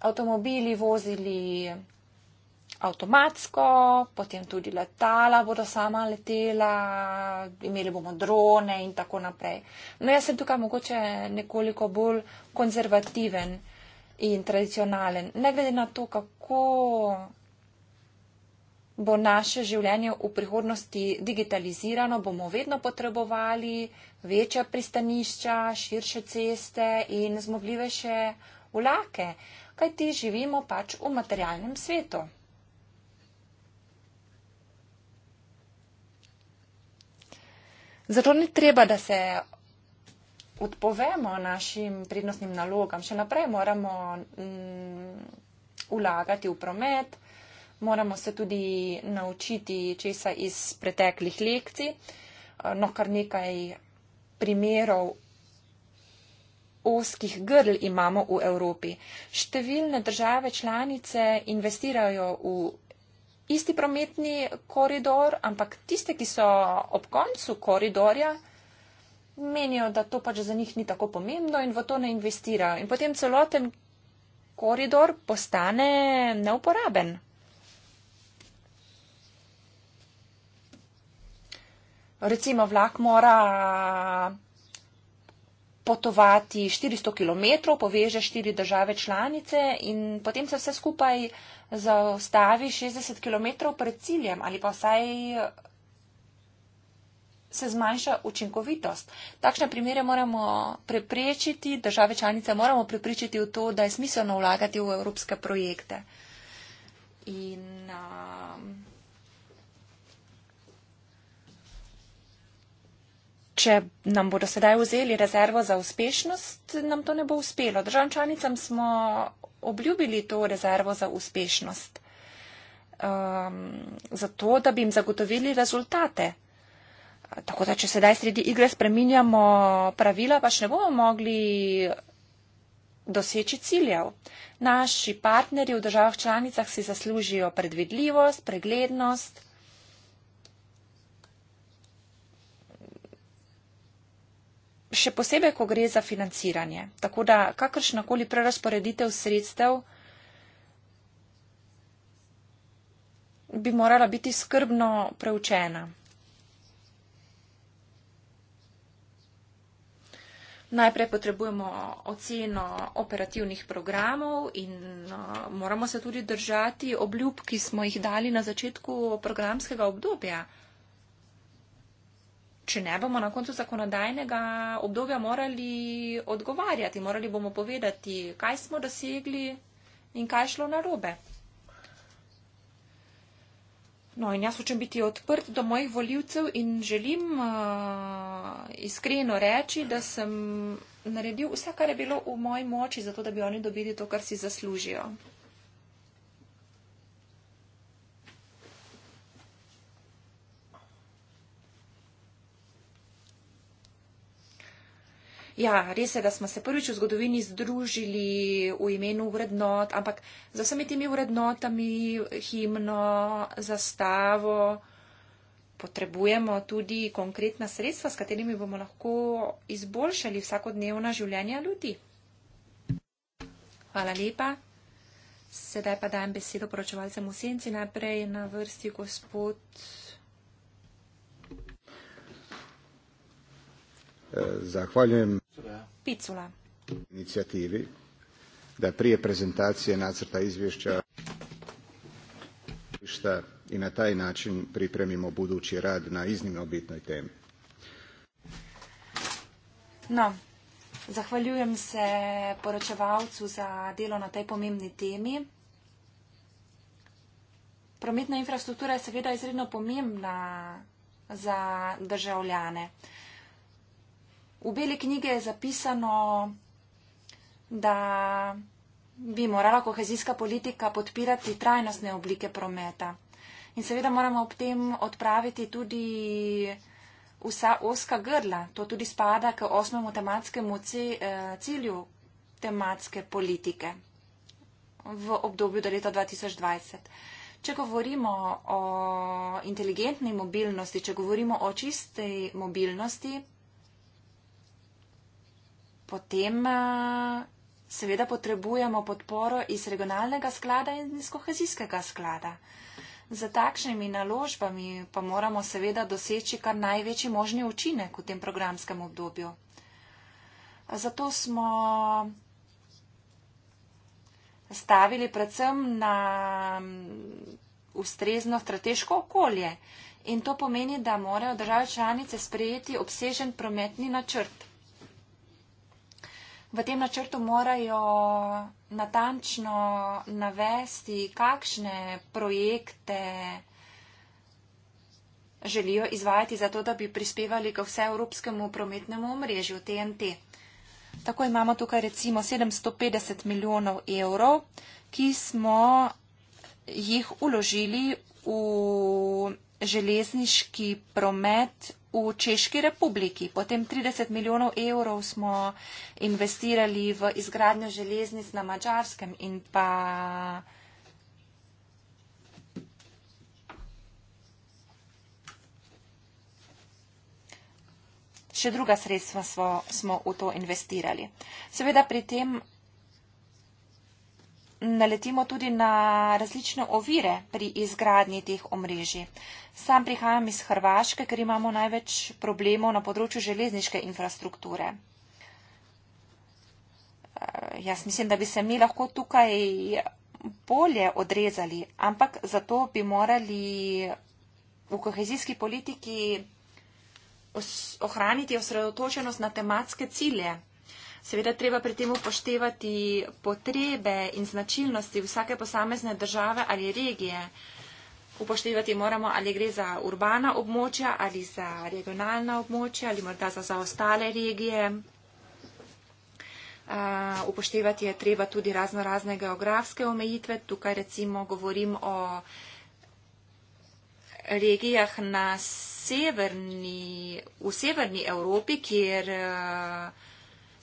avtomobili vozili avtomatsko, potem tudi letala bodo sama letela, imeli bomo drone in tako naprej. No, jaz sem tukaj mogoče nekoliko bolj konzervativen in tradicionalen. Ne glede na to, kako bo naše življenje v prihodnosti digitalizirano, bomo vedno potrebovali večja pristanišča, širše ceste in zmogljivejše vlake kaj ti živimo pač v materialnem svetu. Zato ni treba, da se odpovemo našim prednostnim nalogam. Še naprej moramo mm, ulagati v promet, moramo se tudi naučiti česa iz preteklih lekcij. No, kar nekaj primerov ozkih grl imamo v Evropi. Številne države članice investirajo v isti prometni koridor, ampak tiste, ki so ob koncu koridorja, menijo, da to pač za njih ni tako pomembno in v to ne investirajo. In potem celoten koridor postane neuporaben. Recimo vlak mora potovati 400 km, poveže štiri države članice in potem se vse skupaj zaustavi 60 km pred ciljem ali pa vsaj eh, se zmanjša učinkovitost. Takšne primere moramo preprečiti, države članice moramo preprečiti v to, da je smiselno vlagati v evropske projekte. In, uh, če nam bodo sedaj vzeli rezervo za uspešnost, nam to ne bo uspelo. Državam članicam smo obljubili to rezervo za uspešnost, um, zato da bi jim zagotovili rezultate. Tako da, če sedaj sredi igre spreminjamo pravila, pač ne bomo mogli doseči ciljev. Naši partnerji v državah članicah si zaslužijo predvidljivost, preglednost. še posebej, ko gre za financiranje. Tako da kakršnakoli prerasporeditev sredstev bi morala biti skrbno preučena. Najprej potrebujemo oceno operativnih programov in uh, moramo se tudi držati obljub, ki smo jih dali na začetku programskega obdobja če ne bomo na koncu zakonodajnega obdobja morali odgovarjati, morali bomo povedati, kaj smo dosegli in kaj šlo na robe. No in jaz hočem biti odprt do mojih voljivcev in želim uh, iskreno reči, da sem naredil vse, kar je bilo v moji moči, zato da bi oni dobili to, kar si zaslužijo. Ja, res je, da smo se prvič v zgodovini združili v imenu vrednot, ampak za vsemi temi vrednotami, himno, zastavo, potrebujemo tudi konkretna sredstva, s katerimi bomo lahko izboljšali vsakodnevna življenja ljudi. Hvala lepa. Sedaj pa dajem besedo poročevalcem v senci. Najprej je na vrsti gospod. Eh, zahvaljujem Picula. Inicijativi da prije prezentacije nacrta izvješća šta i na taj način pripremimo budući rad na iznimno bitnoj temi. No, zahvaljujem se poročevalcu za delo na tej pomembni temi. Prometna infrastruktura je seveda izredno pomembna za državljane. V beli knjigi je zapisano, da bi morala kohezijska politika podpirati trajnostne oblike prometa. In seveda moramo ob tem odpraviti tudi vsa oska grla. To tudi spada k osmemu tematskemu eh, cilju tematske politike v obdobju do leta 2020. Če govorimo o inteligentni mobilnosti, če govorimo o čistej mobilnosti, potem eh, seveda potrebujemo podporo iz regionalnega sklada in iz kohezijskega sklada. Za takšnimi naložbami pa moramo seveda doseči kar največji možni učinek v tem programskem obdobju. Zato smo stavili predvsem na mm, ustrezno strateško okolje. In to pomeni, da morajo države članice sprejeti obsežen prometni načrt v tem načrtu morajo natančno navesti, kakšne projekte želijo izvajati za to, da bi prispevali k vseevropskemu prometnemu omrežju TNT. Tako imamo tukaj recimo 750 milijonov evrov, ki smo jih uložili v železniški promet v Češki republiki. Potem 30 milijonov evrov smo investirali v izgradnjo železnic na Mačarskem in pa. Še druga sredstva smo, smo v to investirali. Seveda pri tem naletimo tudi na različne ovire pri izgradnji teh omrežij. Sam prihajam iz Hrvaške, ker imamo največ problemov na področju železniške infrastrukture. Eh, jaz mislim, da bi se mi lahko tukaj bolje odrezali, ampak zato bi morali v kohezijski politiki ohraniti osredotočenost na tematske cilje Seveda treba pri tem upoštevati potrebe in značilnosti vsake posamezne države ali regije. Upoštevati moramo, ali gre za urbana območja ali za regionalna območja ali morda za zaostale regije. Uh, upoštevati je treba tudi razno razne geografske omejitve. Tukaj recimo govorim o regijah na severni, v severni Evropi, kjer uh,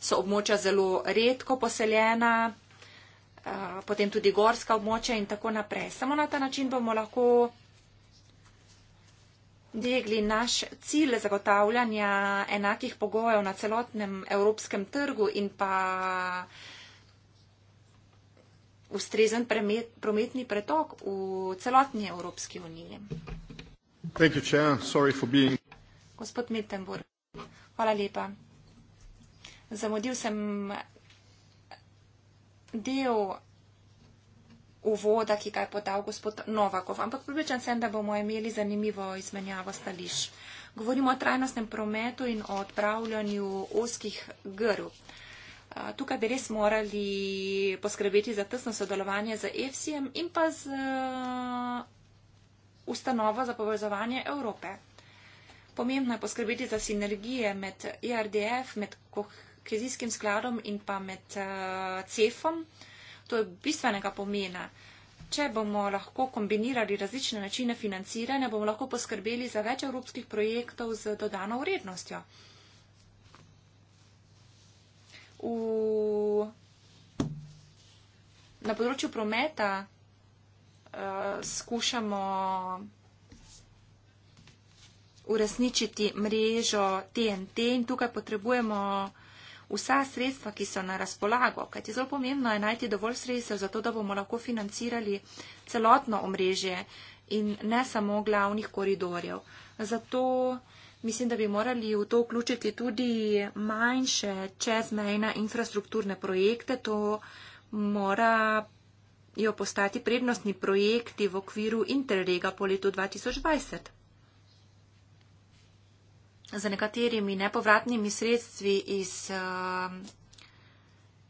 so območja zelo redko poseljena, eh, potem tudi gorska območja in tako naprej. Samo na ta način bomo lahko degli naš cilj zagotavljanja enakih pogojev na celotnem evropskem trgu in pa ustrezen premet, prometni pretok v celotni Evropski uniji. Gospod Miltenburg, hvala lepa zamudil sem del uvoda, ki ga je podal gospod Novakov, ampak pripričan sem, da bomo imeli zanimivo izmenjavo stališč. Govorimo o trajnostnem prometu in o odpravljanju oskih grv. Tukaj bi res morali poskrbeti za tesno sodelovanje z EFSI-em in pa z ustanovo za povezovanje Evrope. Pomembno je poskrbeti za sinergije med IRDF, e med koh kmetijskim skladom in pa med uh, cefom. To je bistvenega pomena. Če bomo lahko kombinirali različne načine financiranja, bomo lahko poskrbeli za več evropskih projektov z dodano vrednostjo. V... Na področju prometa uh, skušamo uresničiti mrežo TNT in tukaj potrebujemo vsa sredstva, ki so na razpolago. Kajti zelo pomembno je najti dovolj sredstev za to, da bomo lahko financirali celotno omrežje in ne samo glavnih koridorjev. Zato mislim, da bi morali v to vključiti tudi manjše čezmejne infrastrukturne projekte. To mora jo postati prednostni projekti v okviru interrega po letu 2020 z nekaterimi nepovratnimi sredstvi iz uh, um,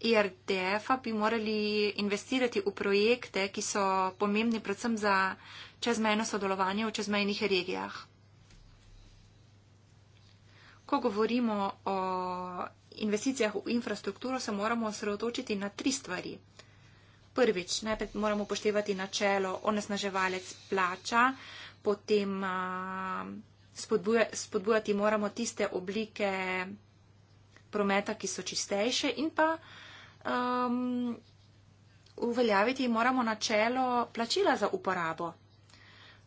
IRDF-a e bi morali investirati v projekte, ki so pomembni predvsem za čezmejno sodelovanje v čezmejnih regijah. Ko govorimo o investicijah v infrastrukturo, se moramo osredotočiti na tri stvari. Prvič, najprej moramo poštevati načelo onesnaževalec plača, potem uh, spodbujati, spodbujati moramo tiste oblike prometa, ki so čistejše in pa um, uveljaviti moramo načelo plačila za uporabo.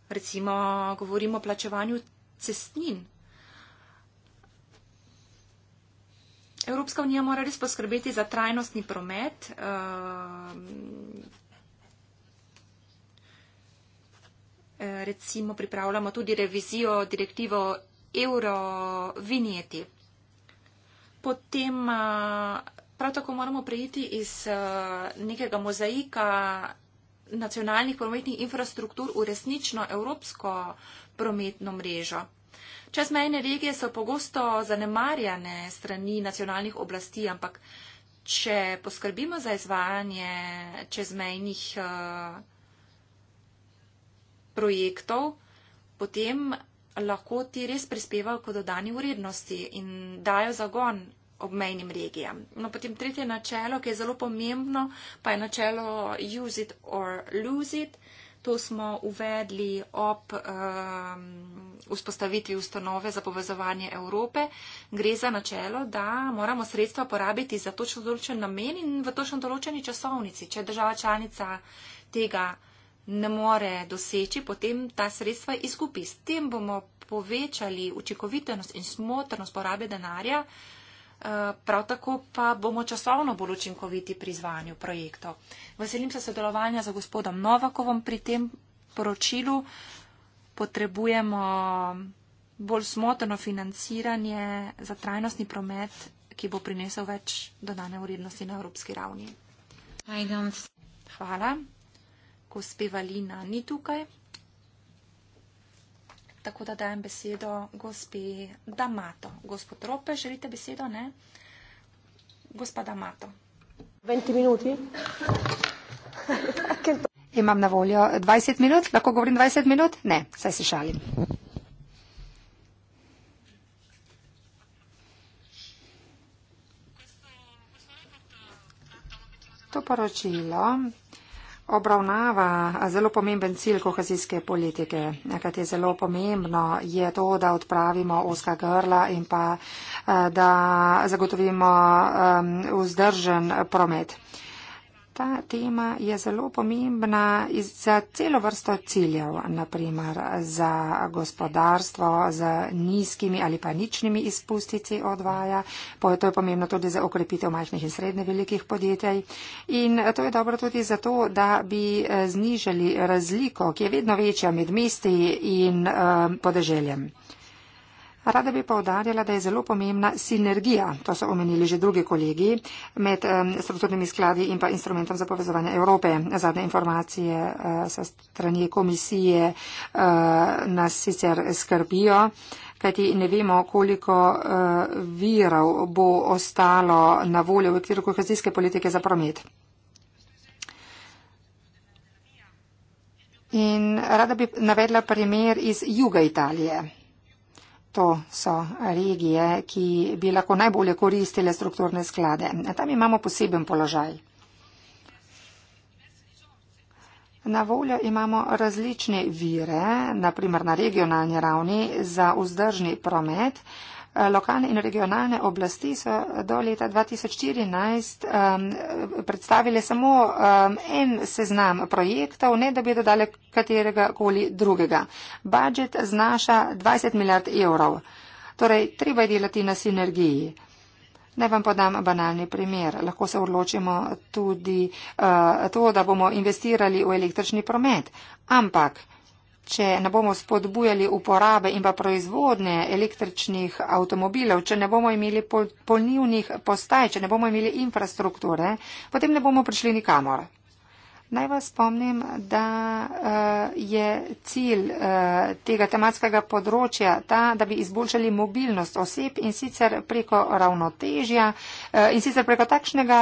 Recimo, govorimo o plačevanju cestnin. Evropska unija mora res poskrbeti za trajnostni promet. Um, Eh, recimo pripravljamo tudi revizijo direktivo evro vinjeti. Potem eh, prav tako moramo prejiti iz eh, nekega mozaika nacionalnih prometnih infrastruktur v resnično evropsko prometno mrežo. Čezmejne regije so pogosto zanemarjane strani nacionalnih oblasti, ampak če poskrbimo za izvajanje čezmejnih projektov, potem lahko ti res prispevajo k dodani vrednosti in dajo zagon obmejnim regijam. No, potem tretje načelo, ki je zelo pomembno, pa je načelo use it or lose it. To smo uvedli ob um, vzpostavitvi ustanove za povezovanje Evrope. Gre za načelo, da moramo sredstva porabiti za točno določen namen in v točno določeni časovnici. Če država članica tega ne more doseči, potem ta sredstva izgubi. S tem bomo povečali učinkovitenost in smotrnost porabe denarja, eh, prav tako pa bomo časovno bolj učinkoviti pri izvanju projektov. Veselim se sodelovanja za gospodom Novakovom pri tem poročilu. Potrebujemo bolj smotrno financiranje za trajnostni promet, ki bo prinesel več dodane vrednosti na evropski ravni. Hvala ko speva Lina ni tukaj. Tako da dajem besedo gospe Damato. Gospod Rope, želite besedo, ne? Gospa Damato. 20 minuti. Imam na voljo 20 minut, lahko govorim 20 minut? Ne, saj se šalim. To poročilo, obravnava zelo pomemben cilj kohezijske politike, kajti zelo pomembno je to, da odpravimo oska grla in pa eh, da zagotovimo eh, vzdržen promet ta tema je zelo pomembna za celo vrsto ciljev, naprimer za gospodarstvo z nizkimi ali pa ničnimi izpustici odvaja. To je pomembno tudi za okrepitev majhnih in srednje velikih podjetij. In to je dobro tudi zato, da bi eh, znižali razliko, ki je vedno večja med mesti in eh, podeželjem. Rada bi povdarjala, da je zelo pomembna sinergija, to so omenili že drugi kolegi, med strukturnimi skladi in pa instrumentom za povezovanje Evrope. Zadnje informacije eh, sa strani komisije eh, nas sicer skrbijo, kajti ne vemo, koliko eh, virov bo ostalo na voljo v okviru kohezijske politike za promet. In rada bi navedla primer iz juga Italije. To so regije, ki bi lahko najbolje koristile strukturne sklade. Tam imamo poseben položaj. Na voljo imamo različne vire, naprimer na regionalni ravni, za vzdržni promet. Eh, lokalne in regionalne oblasti so do leta 2014 um, predstavile samo um, en seznam projektov, ne da bi dodale katerega koli drugega. Budžet znaša 20 milijard evrov. Torej, treba je delati na sinergiji. Naj vam podam banalni primer. Lahko se odločimo tudi uh, to, da bomo investirali v električni promet. Ampak če ne bomo spodbujali uporabe in pa proizvodne električnih avtomobilov, če ne bomo imeli polnilnih postaj, če ne bomo imeli infrastrukture, potem ne bomo prišli nikamor. Naj vas spomnim, da eh, je cilj eh, tega tematskega področja ta, da bi izboljšali mobilnost oseb in sicer preko ravnotežja eh, in sicer preko takšnega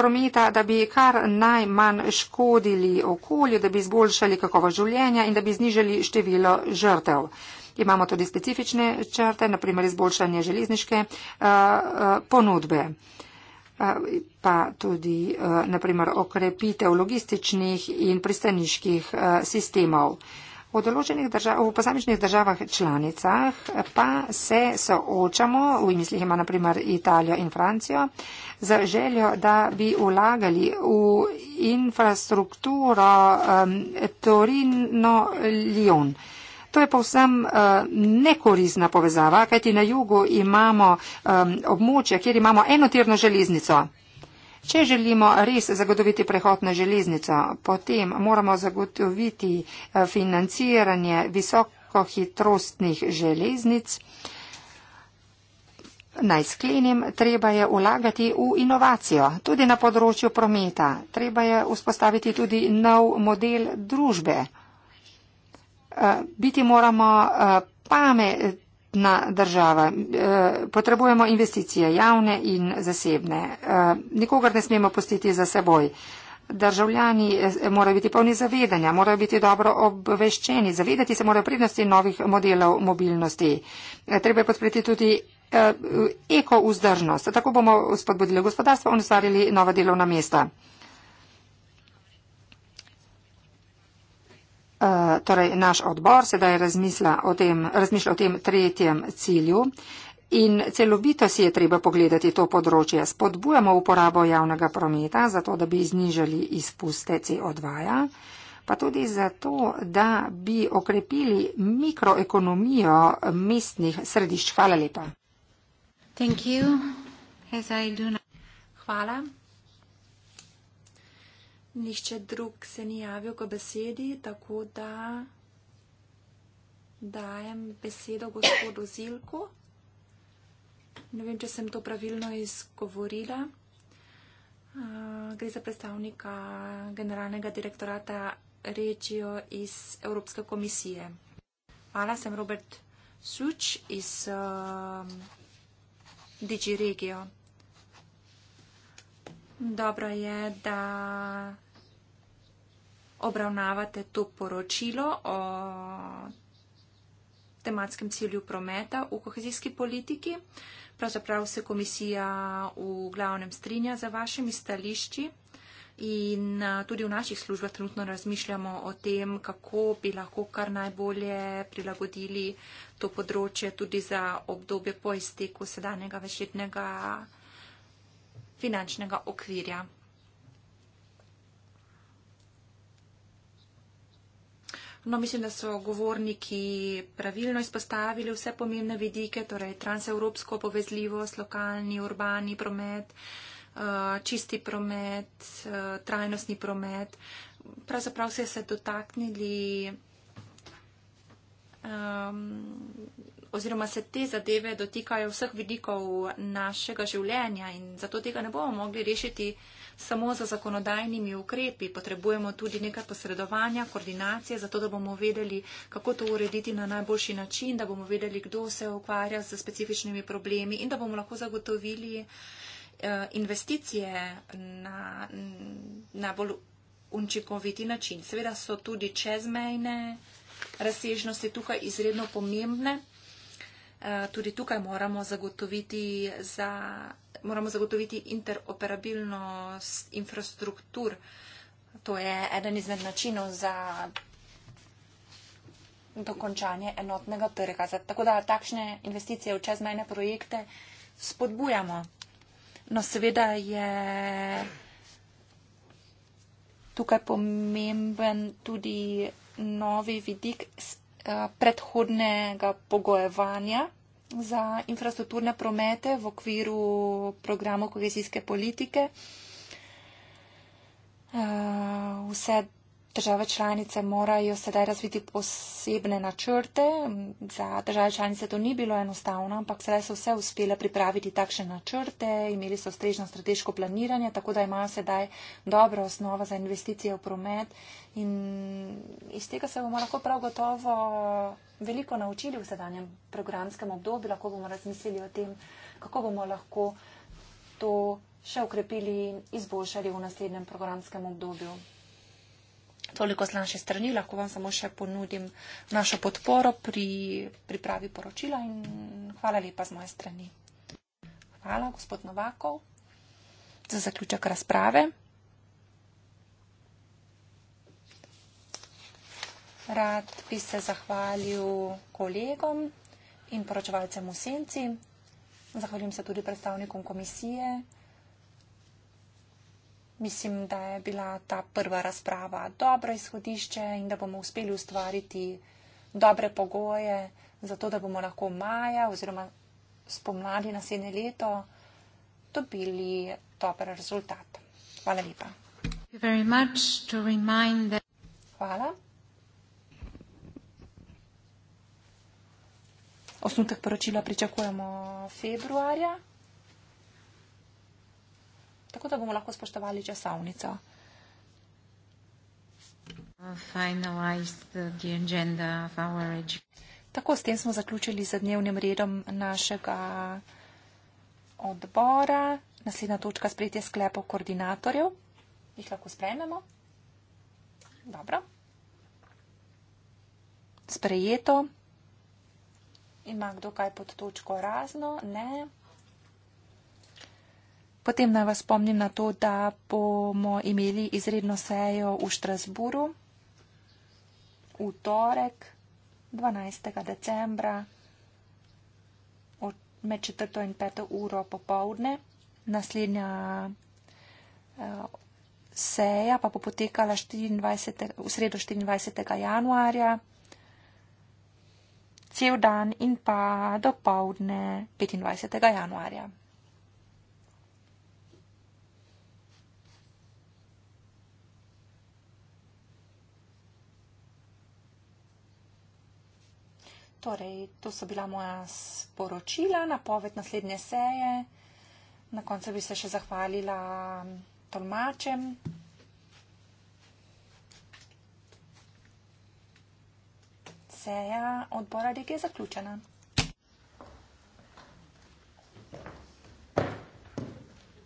prometa, da bi kar najmanj škodili okolju, da bi izboljšali kakovo življenja in da bi znižali število žrtev. Imamo tudi specifične črte, naprimer izboljšanje železniške ponudbe. Eh, pa tudi eh, naprimer okrepitev logističnih in pristaniških eh, sistemov. V, držav, v posamičnih državah članicah pa se soočamo, v mislih ima naprimer Italijo in Francijo, z željo, da bi vlagali v infrastrukturo um, Torino-Lyon. Uh, to je povsem uh, nekorizna povezava, kajti na jugu imamo um, območje, kjer imamo enotirno železnico. Če želimo res zagotoviti prehod na železnico, potem moramo zagotoviti eh, financiranje visokohitrostnih železnic. Naj sklenim, treba je ulagati v inovacijo, tudi na področju prometa. Treba je vzpostaviti tudi nov model družbe. Eh, biti moramo eh, pametna država. Eh, potrebujemo investicije javne in zasebne. Nikogar ne smemo pustiti za seboj. Državljani morajo biti polni zavedanja, morajo biti dobro obveščeni, zavedati se morajo prednosti novih modelov mobilnosti. Treba je podpreti tudi eko vzdržnost. Tako bomo spodbudili gospodarstvo in ustvarili nova delovna mesta. Eh, torej naš odbor sedaj o tem, razmišlja o tem tretjem cilju. In celobito si je treba pogledati to področje. Spodbujamo uporabo javnega prometa, zato da bi znižali izpuste CO2, -ja, pa tudi zato, da bi okrepili mikroekonomijo mestnih središč. Hvala lepa. Hvala. Nihče drug se ni javil k besedi, tako da dajem besedo gospodu Zilku. Ne vem, če sem to pravilno izgovorila. Gre za predstavnika generalnega direktorata Regio iz Evropske komisije. Hvala, sem Robert Suč iz uh, DigiRegio dobro je, da obravnavate to poročilo o tematskem cilju prometa v kohezijski politiki. Pravzaprav se komisija v glavnem strinja za vašimi stališči in tudi v naših službah trenutno razmišljamo o tem, kako bi lahko kar najbolje prilagodili to področje tudi za obdobje po izteku sedanjega večletnega finančnega okvirja. No, mislim, da so govorniki pravilno izpostavili vse pomembne vidike, torej transevropsko povezljivost, lokalni, urbani promet, eh, čisti promet, eh, trajnostni promet. Pravzaprav se je se dotaknili. Um, oziroma se te zadeve dotikajo vseh vidikov našega življenja in zato tega ne bomo mogli rešiti samo za zakonodajnimi ukrepi. Potrebujemo tudi nekaj posredovanja, koordinacije, zato da bomo vedeli, kako to urediti na najboljši način, da bomo vedeli, kdo se ukvarja z specifičnimi problemi in da bomo lahko zagotovili eh, investicije na najbolj učinkoviti način. Seveda so tudi čezmejne razsežnosti tukaj izredno pomembne. Eh, tudi tukaj moramo zagotoviti, za, moramo zagotoviti interoperabilnost infrastruktur. To je eden izmed načinov za dokončanje enotnega trga. Tako da takšne investicije v čezmejne projekte spodbujamo. No seveda je tukaj pomemben tudi novi vidik Eh, predhodnega pogojevanja za infrastrukturne promete v okviru programov kohezijske politike. Eh, vse države članice morajo sedaj razviti posebne načrte. Za države članice to ni bilo enostavno, ampak sedaj so vse uspele pripraviti takšne načrte, imeli so strežno strateško planiranje, tako da imajo sedaj dobro osnovo za investicije v promet in iz tega se bomo lahko prav gotovo veliko naučili v sedanjem programskem obdobju, lahko bomo razmislili o tem, kako bomo lahko to še ukrepili in izboljšali v naslednjem programskem obdobju. Toliko z naše strani, lahko vam samo še ponudim našo podporo pri pripravi poročila in hvala lepa z moje strani. Hvala, gospod Novakov, za zaključek razprave. Rad bi se zahvalil kolegom in poročevalcem v senci. Zahvaljujem se tudi predstavnikom komisije. Mislim, da je bila ta prva razprava dobro izhodišče in da bomo uspeli ustvariti dobre pogoje za to, da bomo lahko maja oziroma spomladi naslednje leto dobili dober rezultat. Hvala lepa. Hvala. Osnutek poročila pričakujemo februarja tako da bomo lahko spoštovali časovnico. Uh, tako, s tem smo zaključili z dnevnim redom našega odbora. Naslednja točka sprejetje sklepov koordinatorjev. Jih lahko sprejmemo? Dobro. Sprejeto. Ima kdo kaj pod točko razno? Ne. Potem naj vas spomnim na to, da bomo imeli izredno sejo v Štrasburu v torek 12. decembra med 4. in 5. uro popovdne. Naslednja eh, seja pa bo potekala 24, v sredo 24. januarja, cel dan in pa do povdne 25. januarja. Torej, to so bila moja sporočila, napoved naslednje seje. Na koncu bi se še zahvalila tolmačem. Seja odbora DG je zaključena.